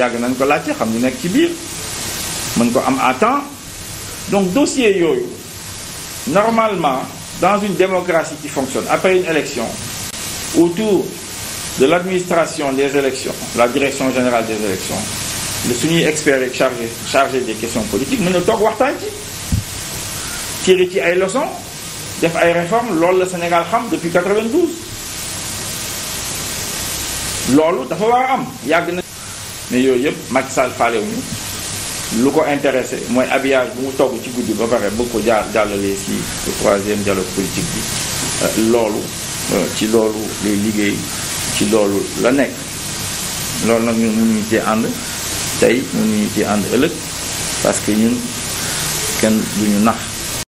yàgg nañ ko laajte xam ñu nekk ci biir mën ko am à temps donc dossier yooyu normalement dans une démocratie qui fonctionne après une élection autour de l'administration des élections la direction générale des élections le suñuy expert yeeg chargé chargé des questions politiques mën na toog waxtaan ci tiré ci ay leçons def ay réformes loolu la Sénégal xam depuis 92 loolu dafa war am yàgg na mais yooyu yëpp Macky Sall faalewuñu lu ko intéressé mooy habillage bu mu togg ci guddi ba pare bëgg ko jaar jàllale si troisième dialogue politique bi euh, loolu euh, ci loolu lay liggéey ci loolu la nekk loolu nag ñun mënuñu cee ànd tey mënuñu cee ànd ëllëg parce que ñun kenn duñu nax